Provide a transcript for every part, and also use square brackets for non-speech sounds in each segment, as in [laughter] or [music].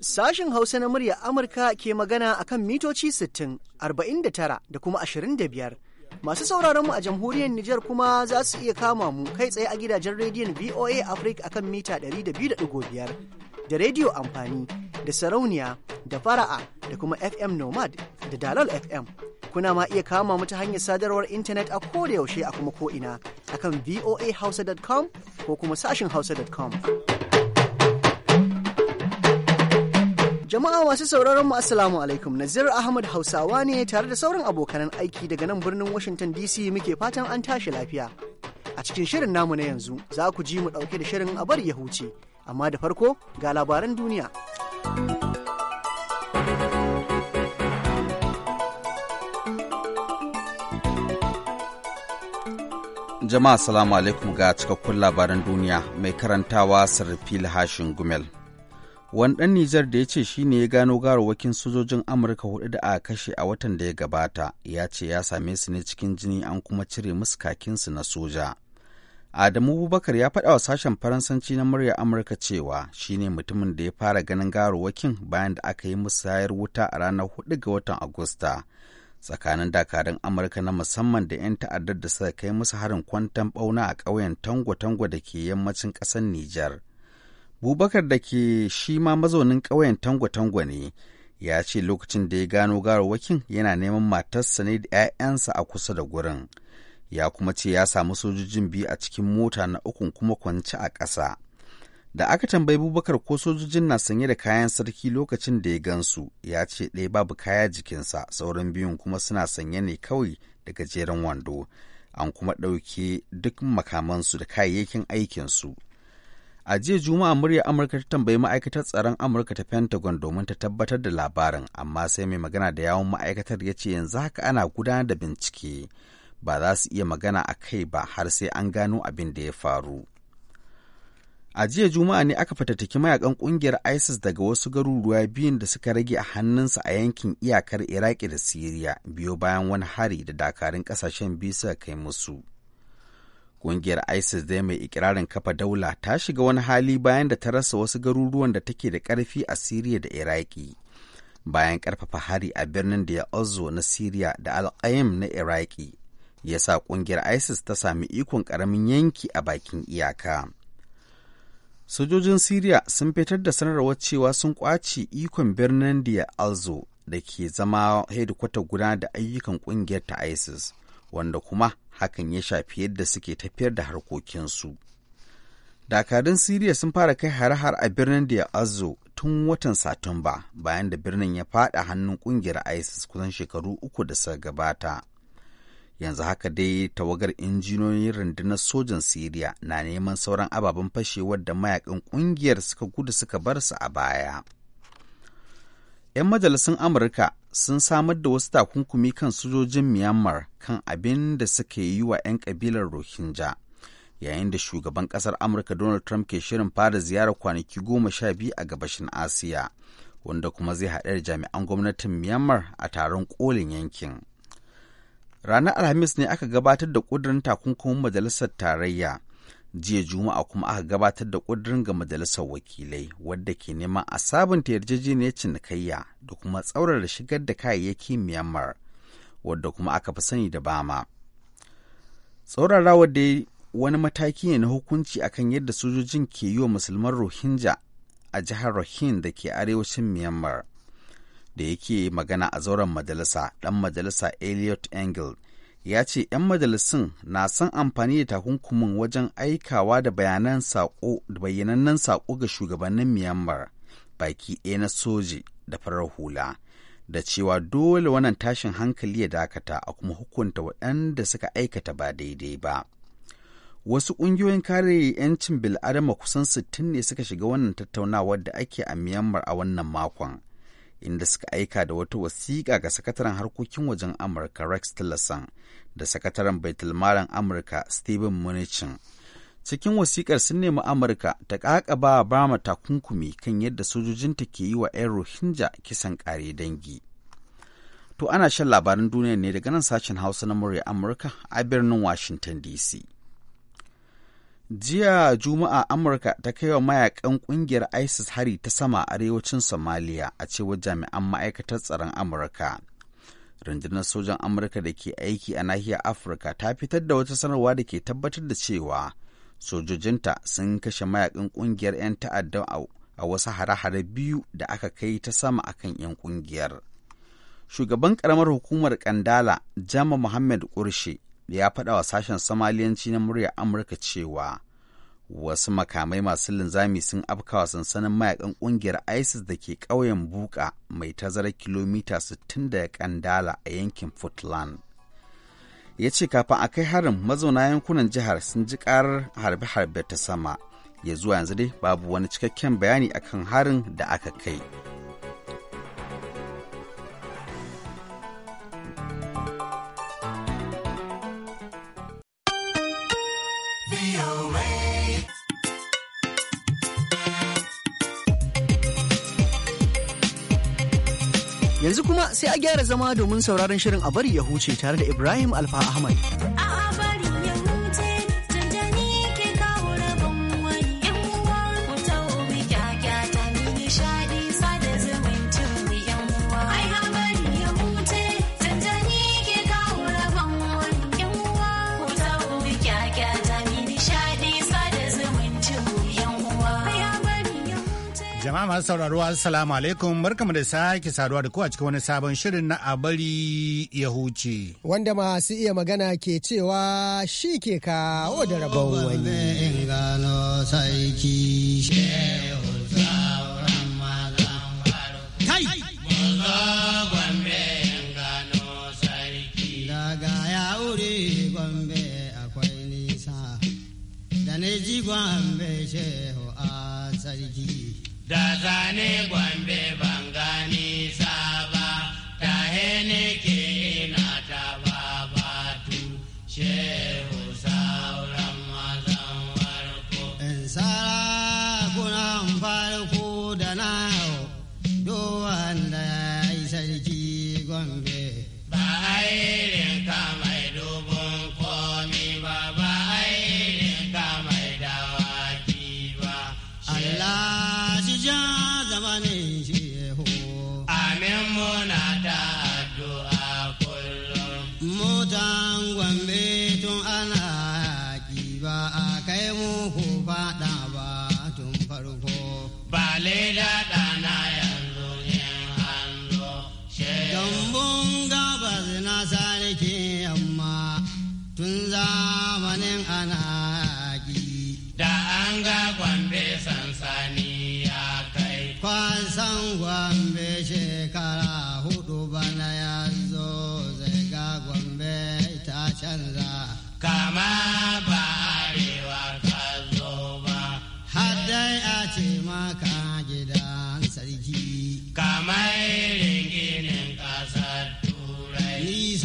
Sashen Hausa na murya Amurka ke magana akan mitoci 60, 49 da kuma 25. Masu sauraron mu a jamhuriyar Nijar kuma za su iya kama mu kai tsaye a gidajen rediyon VOA Africa akan mita 200.5 da rediyo amfani da sarauniya da fara'a da kuma fm nomad da dalal fm kuna ma iya kama mu ta hanyar sadarwar intanet a yaushe a kuma ko'ina kan voahausa.com ko kuma sashin hausa.com Jama'a masu sauraron mu Assalamu alaikum Nazir Ahmad Hausawa ne tare da sauran abokanan aiki daga nan birnin Washington DC muke fatan an tashi lafiya. A cikin shirin namu na yanzu za ku ji mu ɗauke da shirin a bar ya huce amma da farko ga labaran duniya. Jama'a salamu alaikum ga cikakkun labaran duniya mai karantawa sarrafil hashin gumel. Wani ɗan Nijar da ya ce shi ne ya gano garowakin sojojin Amurka hudu da aka kashe a watan da ya gabata, ya ce ya same su ne cikin jini an kuma cire musu kakinsu na soja. Adamu Bubakar ya faɗa wa sashen Faransanci na murya Amurka cewa shine mutumin da ya fara ganin wakin bayan da aka yi musayar wuta a ranar 4 ga watan Agusta tsakanin dakarun Amurka na musamman da 'yan ta'addar da suka kai musu harin kwantan ɓauna a ƙauyen Tango-Tango da ke yammacin ƙasar Nijar. Bubakar da ke shi ma mazaunin ƙauyen Tango-Tango ne ya ce lokacin da ya gano wakin yana neman matarsa ne da 'ya'yansa a kusa da gurin. ya kuma ce ya samu sojojin biyu a cikin mota na ukun kuma kwanci a ƙasa. Da aka tambayi Bubakar ko sojojin na sanye da kayan sarki lokacin da ya gansu, ya ce ɗaya babu kaya jikinsa, sauran biyun kuma suna sanye ne kawai da gajeren wando, an kuma ɗauke duk makamansu da kayayyakin aikinsu. A jiya Juma'a murya Amurka ta tambayi ma'aikatar tsaron Amurka ta Pentagon domin ta tabbatar da labarin, amma sai mai magana da yawon ma'aikatar ya ce yanzu haka ana gudanar da bincike. ba za su iya magana a kai ba har sai an gano abin da ya faru. A jiya Juma'a ne aka fatattaki mayakan kungiyar ISIS daga wasu garuruwa biyun da suka rage a hannunsa a yankin iyakar Iraki da Siriya biyo bayan wani hari da dakarun kasashen biyu suka kai musu. Kungiyar ISIS dai mai ikirarin kafa daula ta shiga wani hali bayan da ta rasa wasu garuruwan da take da karfi a Siriya da Iraki. Bayan karfafa hari a birnin da ya na Siriya da al na Iraki ya sa ƙungiyar isis ta sami ikon ƙaramin yanki a bakin iyaka sojojin siriya sun fitar da sanarwar cewa sun kwace ikon birnin da alzo da ke zama haidukwata guda da ayyukan ƙungiyar ta isis wanda kuma hakan ya shafi yadda suke tafiyar da harkokinsu dakarun siriya sun fara kai har-har a birnin da alzo tun watan satumba bayan da birnin ya fada hannun kungiyar isis kusan shekaru uku da suka gabata yanzu haka dai tawagar injiniyoyin rundunar sojan siriya na neman sauran ababen fashewar da mayakan kungiyar suka gudu suka bar su a baya 'yan majalisun amurka sun samar da wasu takunkumi kan sojojin myanmar kan abin da suka yi wa 'yan kabilar rohingya yayin da shugaban kasar amurka donald trump ke shirin fara ziyarar kwanaki goma sha biyu a gabashin asiya wanda kuma zai haɗe da jami'an gwamnatin myanmar a taron kolin yankin ranar alhamis ne aka gabatar da ƙudurin takunkumin majalisar tarayya jiya juma'a kuma aka gabatar da ƙudurin ga majalisar wakilai wadda ke neman a sabunta yarjejeniyar cinikayya da kuma tsaurara shigar da kayayyaki myanmar wadda kuma aka fi sani da bama tsaurarawa dai wani mataki ne na hukunci akan yadda sojojin ke yi wa musulman rohingya a jihar rohingya da ke arewacin myanmar da yake magana a zauren majalisa ɗan majalisa Elliot Engel ya ce 'yan majalisun na son amfani da takunkumin wajen aikawa da bayanan saƙo da saƙo ga shugabannin Myanmar baki ɗaya na soji da farar hula da cewa dole wannan tashin hankali ya dakata a kuma hukunta waɗanda suka aikata ba daidai ba. Wasu ƙungiyoyin kare 'yancin bil'adama kusan 60 ne suka shiga wannan tattaunawar da ake a Myanmar a wannan makon. inda suka aika da wata wasiƙa ga sakataren harkokin wajen amurka rex tillerson da sakataren baitulmaran amurka stephen munichin cikin wasiƙar sun nemi amurka ta ƙaƙaba bama takunkumi kan yadda sojojinta ke yi wa 'yan rohingya kisan ƙare dangi to ana shan labaran duniya ne daga nan sashen hausa na murya amurka a birnin washington dc Jiya Juma'a Amurka ta kai wa mayakan kungiyar ISIS hari ta sama a arewacin Somalia a cewar jami'an ma'aikatar tsaron Amurka. Rundunar sojan Amurka da ke aiki a nahiyar Afirka ta fitar da wata sanarwa da ke tabbatar da cewa sojojinta sun kashe mayakan kungiyar 'yan ta'adda a wasu hare-hare biyu da aka kai ta sama akan 'yan kungiyar. Shugaban ƙaramar hukumar Kandala, Jama Muhammad Kurshe, ya faɗa wa sashen somaliyanci na muryar amurka cewa wasu makamai masu linzami sun afkawa sansanin mayakan ƙungiyar isis da ke ƙauyen buka mai tazarar kilomita 60 daga kandala a yankin puntland ya ce kafin a kai harin mazauna yankunan jihar sun ji ƙarar harbe-harbe ta sama ya zuwa yanzu dai babu wani cikakken bayani akan harin da aka kai. sai a gyara zama domin sauraron shirin a bari ya huce tare da Ibrahim Alfa Ahmad. Jama'a masu sauraro assalamu alaikum barkamu da sake saduwa da ku a cikin wani sabon shirin na abari ya huce. Wanda masu iya magana ke cewa shi ke kawo da rabon wani. Gombe akwai nisa, da ne ji Sasa ni Gombe Bango.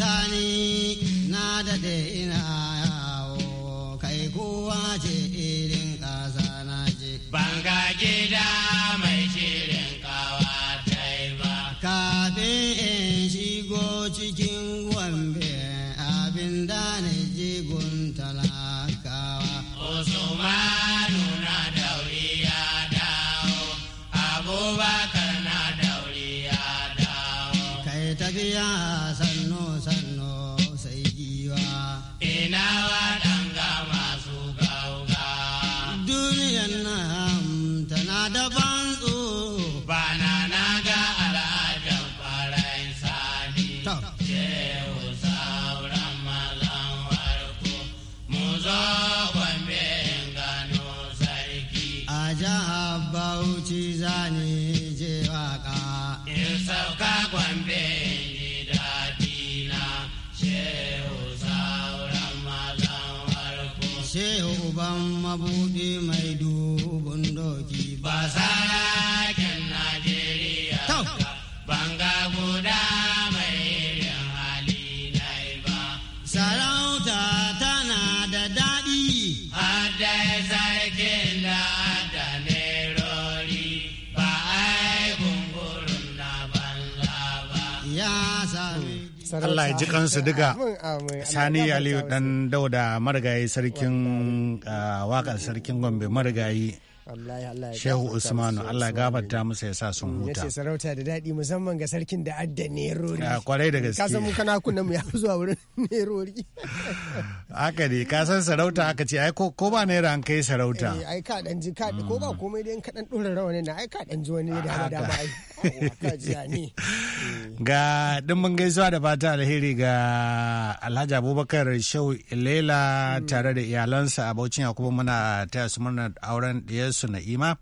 sani na daɗe ina mabuɗi mai dubun doki ba sarakin Najeriya banga guda Allah ya ji kansu duka sani aliyu dan dauda marigayi sarkin ah, wakar sarkin gombe marigayi Shehu Usmanu Allah gafarta musu ya sa sun mm, huta. Yace sarauta da daɗi musamman ga sarkin da adda nerori. Ah, kwarai da gaske. Kasan mun kana kunna mu ya zuwa wurin [laughs] nerori. Haka ne kasan sarauta aka ce ai ko ba ne ran kai sarauta. Eh, ai ka dan ji ka ko ba mm. komai dai ka dan dora rawanin na ai ka dan ji wani da hada ba ai. [laughs] Ga dimbin gaisuwa da fata alheri ga Alhaji Abubakar Shehu Ilela mm. tare da iyalansa a Bauchin Yakubu muna taya su murnar auren ɗiyarsu su Na'ima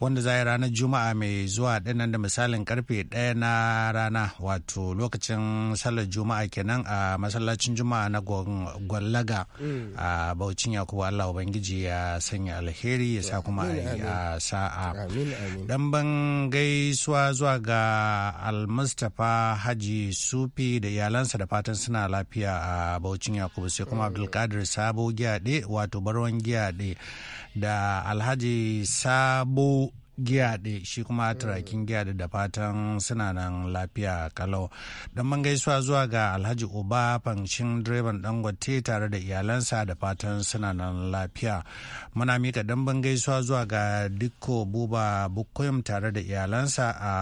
wanda za ranar Juma'a mai zuwa dinnan da misalin karfe ɗaya na rana wato lokacin sallar Juma'a kenan a masallacin Juma'a na Gwallaga mm. a Baucin Yakubu Allah Ubangiji ya sanya alheri ya sa kuma a sa'a. Dan ban gaisuwa zuwa ga Almustapha Haji Sufi da iyalansa da fatan suna lafiya a Baucin Yakubu sai kuma mm. Abdulkadir Sabo Giyade wato Barwan Giyade da alhaji sabo giyaɗe shi kuma eh. turakin giyaɗe da fatan suna nan lafiya kalau don man gaisuwa zuwa ga alhaji uba fanshin direban dangote tare da iyalansa da fatan suna nan lafiya muna mika damban gaisuwa zuwa ga dikko buba bukkoyim tare da iyalansa a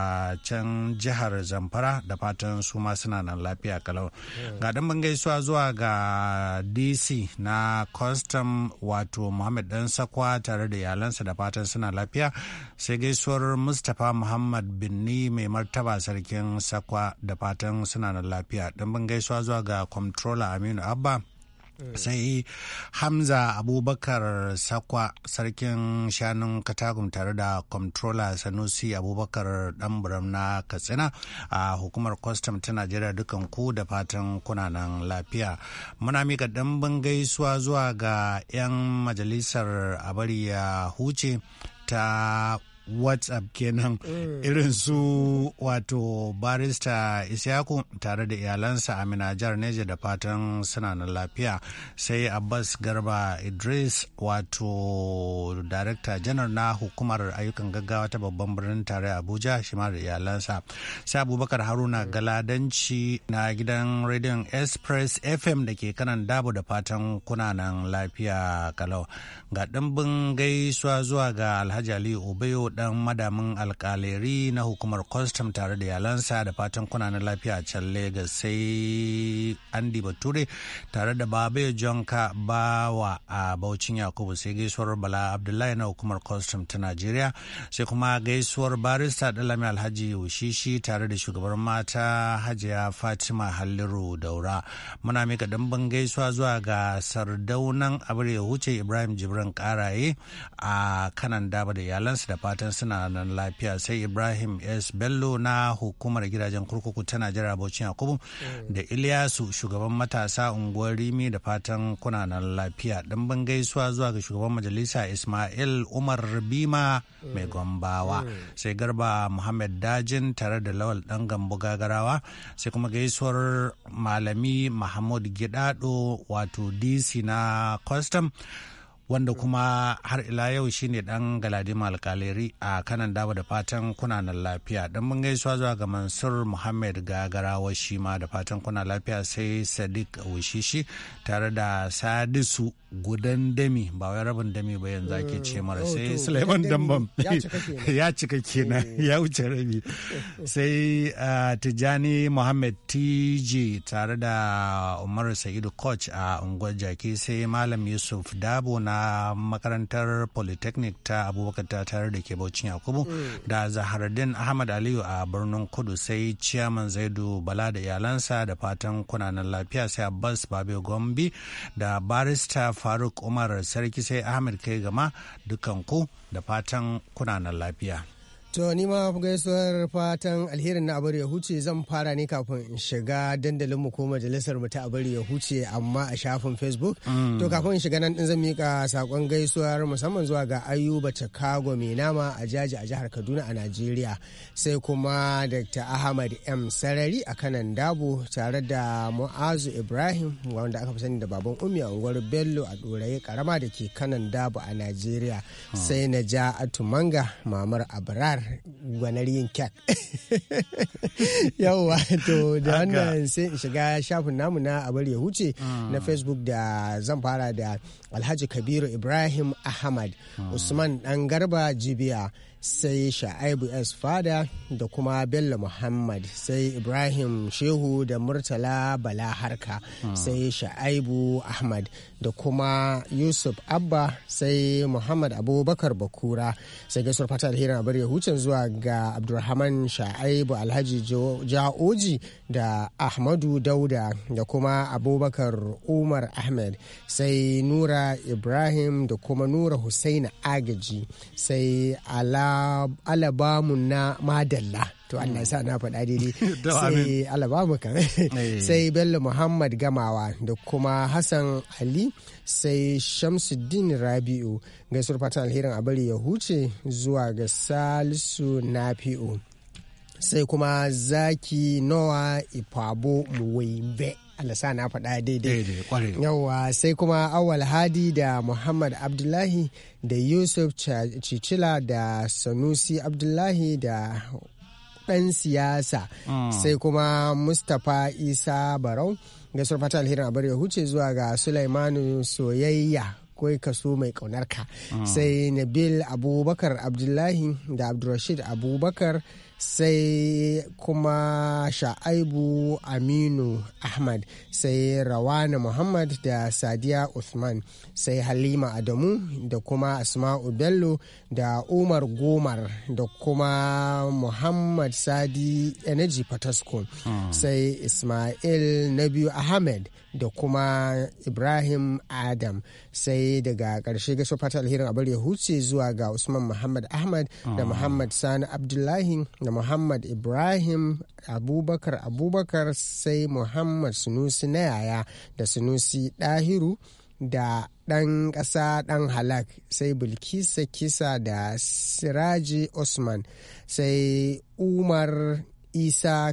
can jihar zamfara da fatan su ma suna nan lafiya kalau eh. ga damban gaisuwa zuwa ga dc na custom wato muhammad dan sakwa tare da iyalansa da fatan suna lafiya sai gaisuwar mustapha muhammad binni mai martaba sarkin sakwa da fatan suna na lafiya ɗimbin gaisuwa zuwa ga comptroller aminu abba eh. sai hamza abubakar sakwa sarkin shanun katagum tare da comptroller sanusi abubakar ɗanburam na katsina a hukumar kwastam ta najeriya dukan ku da fatan kuna nan lafiya muna mika ɗanbin gaisuwa zuwa ga 'yan majalisar abari ya huce ta whatsapp kenan mm. irin su wato barista isyaku tare da iyalansa amina jihar neja da fatan suna na lafiya sai abbas garba idris wato darakta janar na hukumar ayyukan gaggawa ta babban birnin tare abuja shi da iyalansa sai abubakar haruna mm. galadanci na gidan rediyon express fm da ke kanan dabo da fatan kuna nan lafiya kalau ga ɗimbin gaisuwa zuwa ga alhaji aliyu obeyo dan madamin alkaleri na hukumar custom tare da yalansa da fatan kunanan lafiya a can Legas sai Andy Bature tare da Babe Jonka Bawa a Baucin Yakubu sai gaisuwar Bala Abdullahi na hukumar custom ta Najeriya sai kuma gaisuwar barista Dalami Alhaji ushishi tare da shugabar mata Hajiya Fatima Halliru Daura muna mika dambin gaisuwa zuwa ga sardaunan abin ya wuce Ibrahim jibrin Karaye a kanan daba da iyalansa da fatan fatan suna nan lafiya sai ibrahim s bello na hukumar gidajen kurkuku ta najeriya bauchi yakubu da Ilyasu shugaban matasa unguwar rimi da fatan kuna nan lafiya ban gaisuwa zuwa ga shugaban majalisa ismail umar bima mai gombawa sai garba muhammad dajin tare da lawal ɗan gambo gagarawa sai kuma gaisuwar malami mahmud gidado wato dc na custom wanda kuma har ila yau shine dan galadima alkaleri a kanan dawa da fatan kuna nan lafiya dan mun gaisuwa zuwa ga mansur muhammad gagarawa shi ma da fatan kuna lafiya sai sadiq wishishi tare da sadisu gudan dami ba wai rabin dami ba yanzu ake ce mara oh, sai suleiman dambam ya cika kenan [laughs] eh. ya wuce rabi sai uh, tijani muhammed tj tare da umar sa'idu coach a unguwar jaki sai malam yusuf dabo na a makarantar polytechnic ta abubakar ta tare da ke baucin yakubu mm. da zahardin ahmad aliyu a birnin kudu sai ciyaman zaidu bala da iyalansa da fatan kunanan lafiya sai abbas babe gombi da barista faruk umar sarki sai ahmed kai gama dukan ku da fatan kunanan lafiya To ni ma gaisuwar fatan alherin na abar ya huce zan fara ne kafin in shiga dandalin mu ko majalisar mu ta abar ya huce amma a shafin Facebook. Mm. To kafin in shiga nan din zan mika sakon gaisuwar musamman zuwa ga Ayuba Chicago mai nama a jaji a jihar Kaduna a Najeriya. Sai kuma Dr. Ahmad M Sarari a kanan Dabo tare da Mu'azu Ibrahim wanda aka fi sani da baban ummi a unguwar Bello a Doraye karama da ke kanan Dabo a Najeriya. Ah. Sai Naja Atumanga mamar Abrar gwanar yin kek [laughs] yawwa to da wannan sai in shiga shafin namu na abar ya huce ah. na facebook da zan fara da alhaji kabiru ibrahim ahmad ah. usman dan garba jibiya sai sha'aibu s fada da kuma bello muhammad sai ibrahim shehu da murtala bala harka hmm. sai sha'aibu ahmad da kuma yusuf abba sai muhammad abubakar bakura sai gaisuwar fata da hira bari yahucin zuwa ga abdulrahman sha'aibu alhaji ja'oji da ahmadu dauda da kuma abubakar umar ahmed sai nura ibrahim da kuma nura hussaini agaji sai ala alabamu na madalla to Allah ya sa na faɗa daidai [laughs] sai alabamu kan eh. sai Bello Muhammad Gamawa da kuma Hassan Ali sai Shamsuddin Rabi'u gaisuwar fatan alherin a bari ya huce zuwa ga Salisu Nafi'u. sai kuma zaki nowa ifabo allah sa na faɗa daidai yawa sai kuma awal hadi da muhammad abdullahi da yusuf cicila da sanusi abdullahi da ɗan siyasa mm. sai kuma mustapha isa barau ga surfata alherin abar ya huce zuwa ga sulaimanu soyayya akwai kaso mai kaunar ka mm. sai nabil abubakar abdullahi da abdulrashid abubakar sai kuma sha'aibu aminu ahmad sai rawana muhammad da sadiya usman sai halima adamu da kuma asma'u bello da umar gomar da kuma muhammad sadi energy patasko hmm. sai ismail nabiyu ahmed da kuma ibrahim adam sai daga ƙarshe gaisuwar fata alherin abar ya huce zuwa ga usman muhammad ahmad da ah. muhammad sani abdullahi da muhammad ibrahim abubakar abubakar sai muhammad sunusi na yaya da sunusi dahiru da dan kasa dan halak sai bilkisa kisa da siraji usman sai umar isa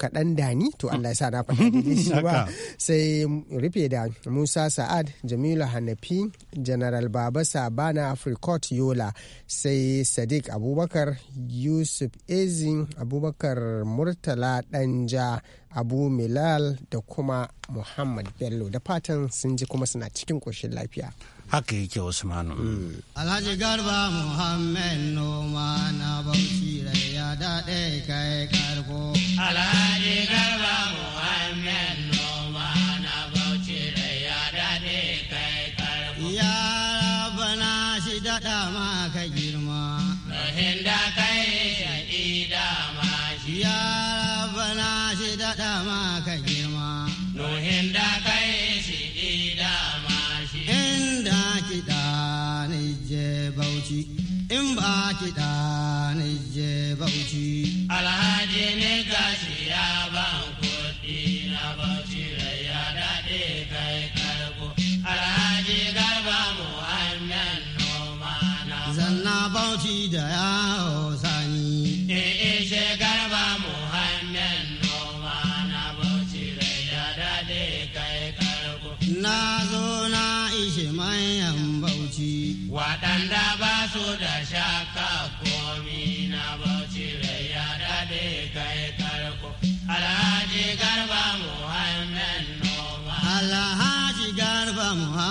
kaɗan dani to allah ya sa na faɗa [laughs] shi ba sai rufe da musa sa'ad jamilu hanafi general baba sabana africot yola sai sadiq abubakar yusuf ezin abubakar murtala danja abu milal da kuma muhammad bello da fatan sun ji kuma suna cikin ƙoshin lafiya haka yake manu. alhaji garba Muhammad noma na bauchi rai ya daɗe kai karko alhaji garba Muhammad noma na bauchi rai ya daɗe kai karko ya na shi daɗa ma ka girma rahin da kai shaɗi da ma shi ya na shi daɗa ma ka a je bauchi. Alhaji ne gashi ya ban kuɗi na bauchi da ya daɗe kai karko. Alhaji garba mu hanyar noma na. Zanna bauchi da yawo sani. Eh eh she garba mu hanyar noma na bauchi da ya daɗe kai karko. Na zo na ishe mayan bauchi. Waɗanda ba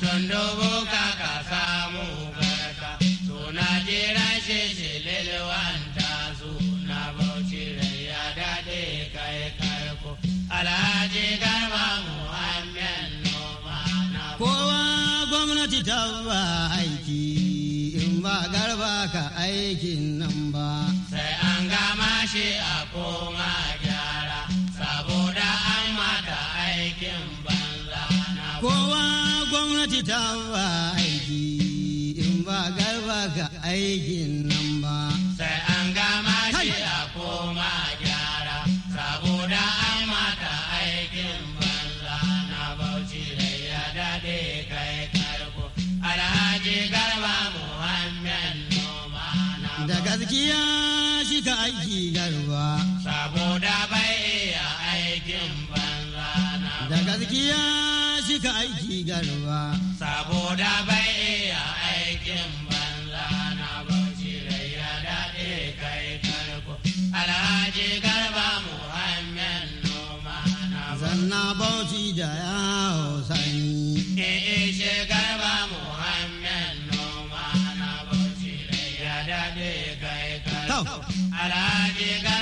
mutum dubu ka ka samu garka suna jira shi shi lilwanta suna bauchi rai ya daɗe kai karko alhaji garba muhammed noma na kowa gwamnati ta ba aiki in ba garba ka aikin nan ba sai an gama shi a koma gwamnati ta ba aiki in ba garba ka aikin nan ba. Sai an gama shi a koma gyara, saboda an mata aikin banza na bauchi rai ya daɗe kai karko. Alhaji garba Muhammad noma na Da gaskiya shi ka aiki garba. Saboda bai iya aikin banza na Da gaskiya ka aiki garba. Saboda bai iya aikin banza na bauchi rai ya daɗe kai karko. Alhaji garba Muhammad noma na bauchi. Zanna bauchi da yawo sani. Eh, eh she garba Muhammad noma na bauchi rai ya daɗe kai karko. Alhaji garba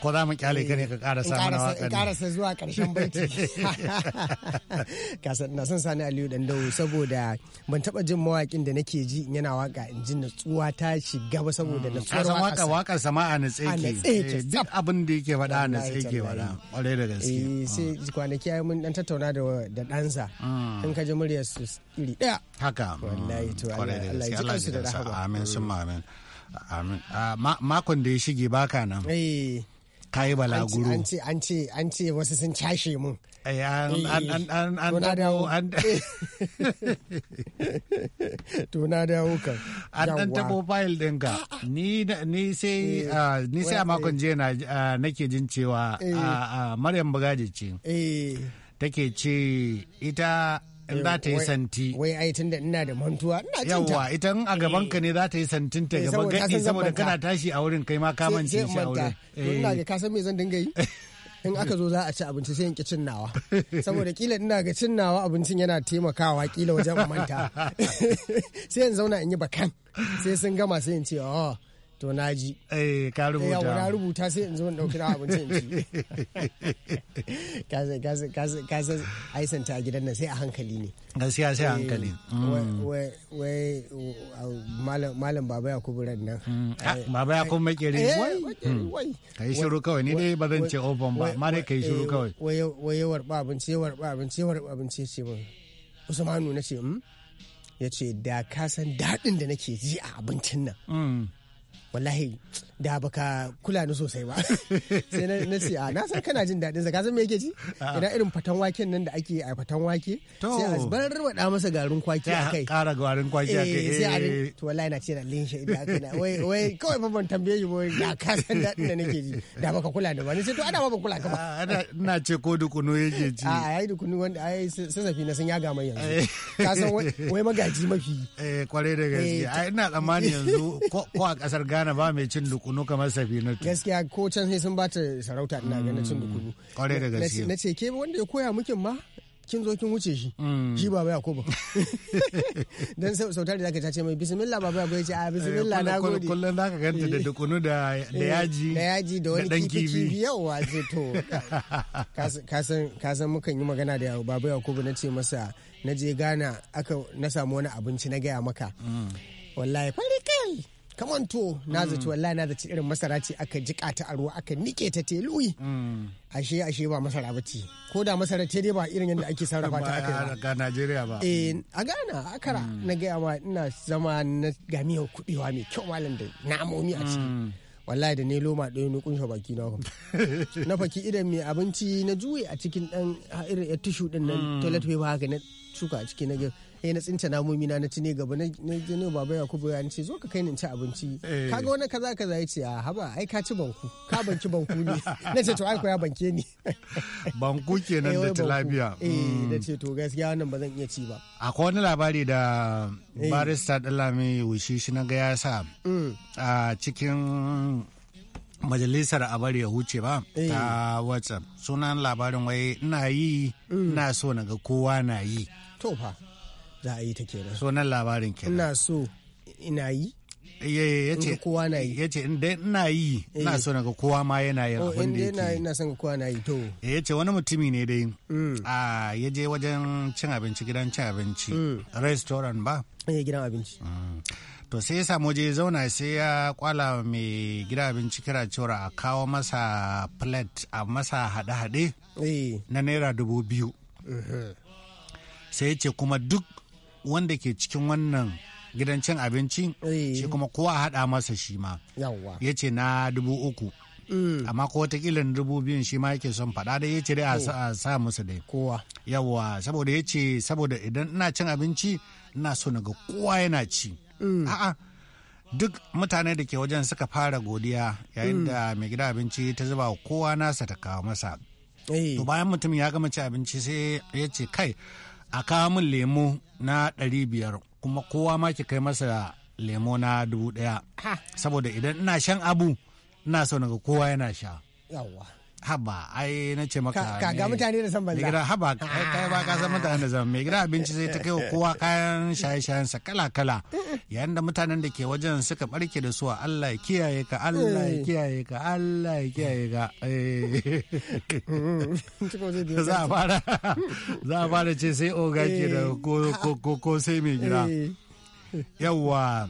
ko za mu kyale ka ne ka karasa mana waƙa ne karasa zuwa karshen baiti ka san na san sani Aliyu dawo saboda ban taba jin mawakin da nake ji yana waka in ji natsuwa ta shiga ba saboda mm. natsuwar waka waka wakar sama a natse ke eh, duk abin da yake faɗa a natse ke faɗa kwarai da gaske eh, mm. sai kwanaki ai mun dan tattauna da da ɗansa mm. in ka ji muryar su iri daya haka wallahi to Allah ya ji su da rahama amin sun amin amin ah, makon da ya shige baka nan eh Ka yi balaguro an ce an ce wasu sun cashe mun eh, eh, Tuna [laughs] na dawo kan an dan tabo file din ka ah, ah. ni sai eh, ah, ni sai a makon jiya na nake jin cewa maryam bagaji ce take ce ita in za ta yi santi wai ai tunda ina da mantuwa ina cinta yawwa itan ita in a gaban ka ne za ta yi santin eh, ta gaban gaɗi saboda kana tashi a wurin kai ma ka mance shi a wurin ina ga eh. ka san me zan dinga yi [laughs] in aka zo za a ci abinci sai in ki cinnawa [laughs] saboda kila ina ga cinnawa abincin yana taimakawa kila wajen manta [laughs] sai in zauna in yi bakan sai sun gama sai in ce oh to na ji eh ka eh, rubuta yawa na rubuta sai in zo in dauki na abinci in ci [laughs] ka san ai san ta gidan nan sai a hankali ne gaskiya sai a eh, hankali wai mm. malam baba yakubu ran nan mm. ah, eh, baba yakubu makere wai kai mm. shiru kawai ni dai ba zan ce open oh, ba ma dai kai shiru kawai wai ya warba abinci ya warba abinci ya warba abinci ce min usmanu na ce hmm? ya ce da ka san daɗin da nake ji a abincin nan wallahi da baka kula ni sosai ba [laughs] sai na ce a na san kana jin daɗin sa ka san me yake ji ah. ina irin fatan waken nan da ake a fatan wake sai a bar wada masa garin kwaki a kai ƙara garin kwaki a kai eh, sai a eh. rin to wallahi na ce na lin shi idan kai na wai wai kawai fa ban tambaye shi wai da ka san daɗin da nake ji da baka kula ni ba ni sai to ana ma ban kula ka ba ah, ina ce ko dukunu yake ji a ah, ai dukunu wanda ai sassafi na sun ya gama yanzu eh. ka san wai magaji mafi eh kware da gaskiya ai ina tsammani yanzu ko a kasar Ghana gane ba mai cin dukunu kamar Safinatu. Gaskiya ko can sai sun bata sarauta ina ganin cin dukunu. Mm. Kwarai da gaske. Na ce ke wanda ya koya mukin ma kin zo kin wuce shi shi ba ko ba dan sautar da zaka tace mai bismillah baba ya ce a ah, eh, bismillah na gode kullun zaka ganta da dukunu eh. da da eh, yaji da yaji da wani kifi kifi yawa ce to [laughs] kasan kasan mukan yi magana da baba ya yakubu na ce masa na je gana aka na samu wani abinci na gaya maka mm. wallahi fari kai kaman to na hmm. zaci wallahi na zaci irin masara ce aka jika ta a ruwa aka nike ta teluyi hmm. ashe ashe ba masara ba ce ko da masara ce dai ba irin yadda ake sarrafa ta aka ga Najeriya ba eh a Ghana kara hmm. na ga ma ina zama na gamiyar kudewa mai kyau malam da namomi a ciki wallahi da ne loma ɗaya ne kunshe baki na [laughs] na faki idan mai abinci na juye a cikin ɗan irin ya tushu ɗin nan toilet paper haka na shuka a ciki na gefe sai na tsinta namomi na ci ne gaba na je ne baba yakubu ya ce zo ka kai ni ci abinci eh. ka ga wani kaza kaza ya ce a ah, haba ai ka ci banku ka banki banku ne [laughs] na ce to ai ya banke ni banku kenan eh, da tilabiya eh na mm. ce to gaskiya wannan ba zan iya ci ba akwai wani labari da eh. barista dalami wushi shi na ga ya sa mm. a cikin majalisar abar ya huce ba ta whatsapp sunan labarin wai ina yi mm. ina so na ga kowa na yi to fa za a yi ta kenan so nan labarin kenan ina so ina yi eh, eh, eh, ce kowa na yi ya ce dai ina yi ina so ga kowa ma yana yin oh, abin da yake ina son kowa na yi to ce wani mutumi ne dai mm. a je wajen cin abinci gidan cin abinci mm. restaurant ba eh gidan abinci mm. to sai ya samu waje ya zauna sai ya kwala mai gida abinci kira cewa a kawo masa plate a masa hade-hade na naira dubu biyu mm-hmm. sai ya ce kuma duk wanda ke cikin wannan gidan cin abinci eh. shi kuma kowa haɗa masa shi ma ya ce na dubu uku mm. amma ko watakila na dubu biyun shi ma yake son faɗa da ya ce dai oh. a sa musu dai kowa Yawwa saboda ya ce saboda idan ina cin abinci ina so na ga kowa yana ci mm. a'a duk mutane da ke wajen suka fara godiya yayin mm. da mai gida abinci ta zuba kowa nasa ta kawo masa eh. to bayan mutum ya gama ci abinci sai ya ce kai a kawo min lemo na ɗari biyar kuma kowa ma ki kai masa lemo na dubu ɗaya saboda idan ina shan abu ina so naga kowa yana sha haba ai na ce maka ka ga mutane da san banza gida haba [laughs] kai ba ka san mutane da san me. gida abinci sai ta kai wa kowa kayan shaye-shayen sa kala-kala yayin da mutanen da ke wajen suka barke da su Allah ya kiyaye ka Allah ya eh. kiyaye ka Allah ya kiyaye ka eh. [laughs] za a fara za a fara ce sai oga ke da eh. ko ko ko sai mai gida yawwa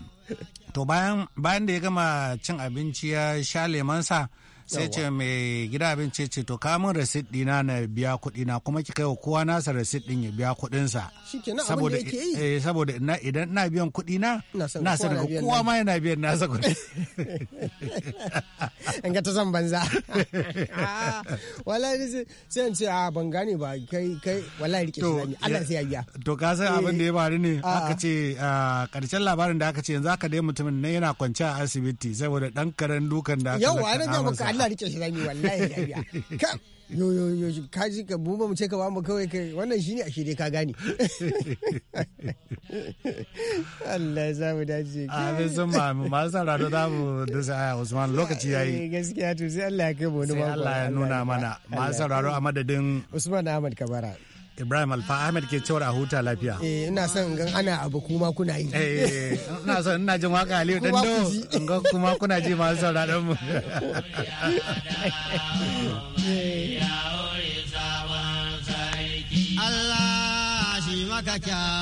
to bayan bayan da ya gama cin abinci ya sha lemansa sai ce mai gida abin ce to ka min rasit dina na biya kuɗi na kuma ki kaiwa kowa nasa rasit din ya biya kuɗin sa saboda eh saboda ina idan ina biyan kuɗi na na san ga kowa ma yana biyan nasa kuɗi [laughs] in ga ta san banza [laughs] wallahi sai in ce a ah, ban gani ba kai kai wallahi rike shi Allah sai ya biya to ka san abin da ya eh. faru ne ah. aka ce karshen ah, labarin da aka ce yanzu aka dai mutumin ne yana kwance a asibiti saboda dan karen dukan da aka yawa a ga Allah rike shi zami wallahi jami'a ka yo yo yo ka ji ka buba mu ce ka bamu kawai kai wannan shine ashe dai ka gane [laughs] Allah ya samu dace a bai sun ma mu ma san rado da mu da sai Usman lokaci yayi eh, gaskiya to sai Allah ya kai mu wani mako sai Allah ya nuna mana ma san rado a madadin Usman Ahmad Kabara Ibrahim Alfa Ahmed ke cewar a huta lafiya. Eh ina son gan ana abu kuma kuna yi. Eh ina son ina jin waka Aliyu dan do in ga kuma kuna ji masu sauraron mu. [laughs] Allah shi maka kyawu.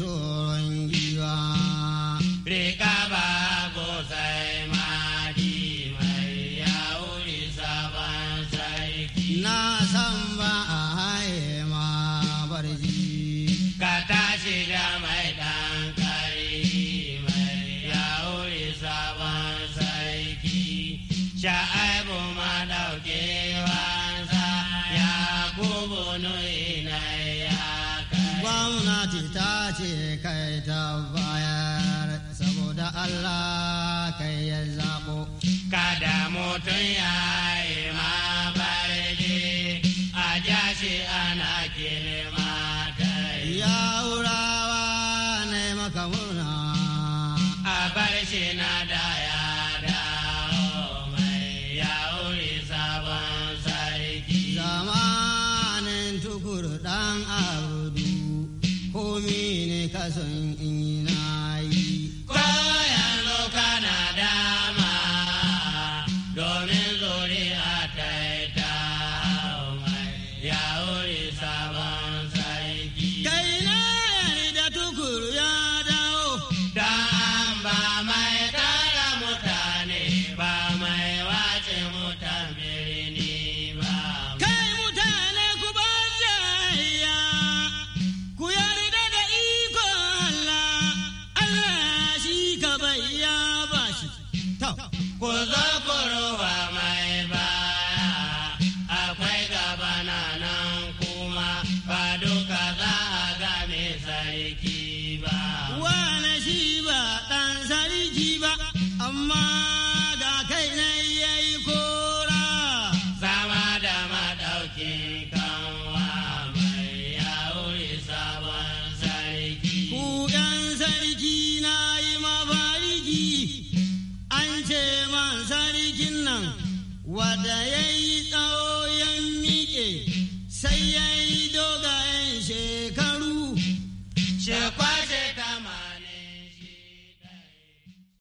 mai giwa. Rika mai ya wuri Na ba a haye ma barji. Ka tashi mai ɗan mai ya wuri sabon sarki. Sha'aibu ma ɗauke wansa ya kubo nuyi. gwamnati ta ce kai ta bayar saboda Allah kai ya zaɓo. Kada mutum ya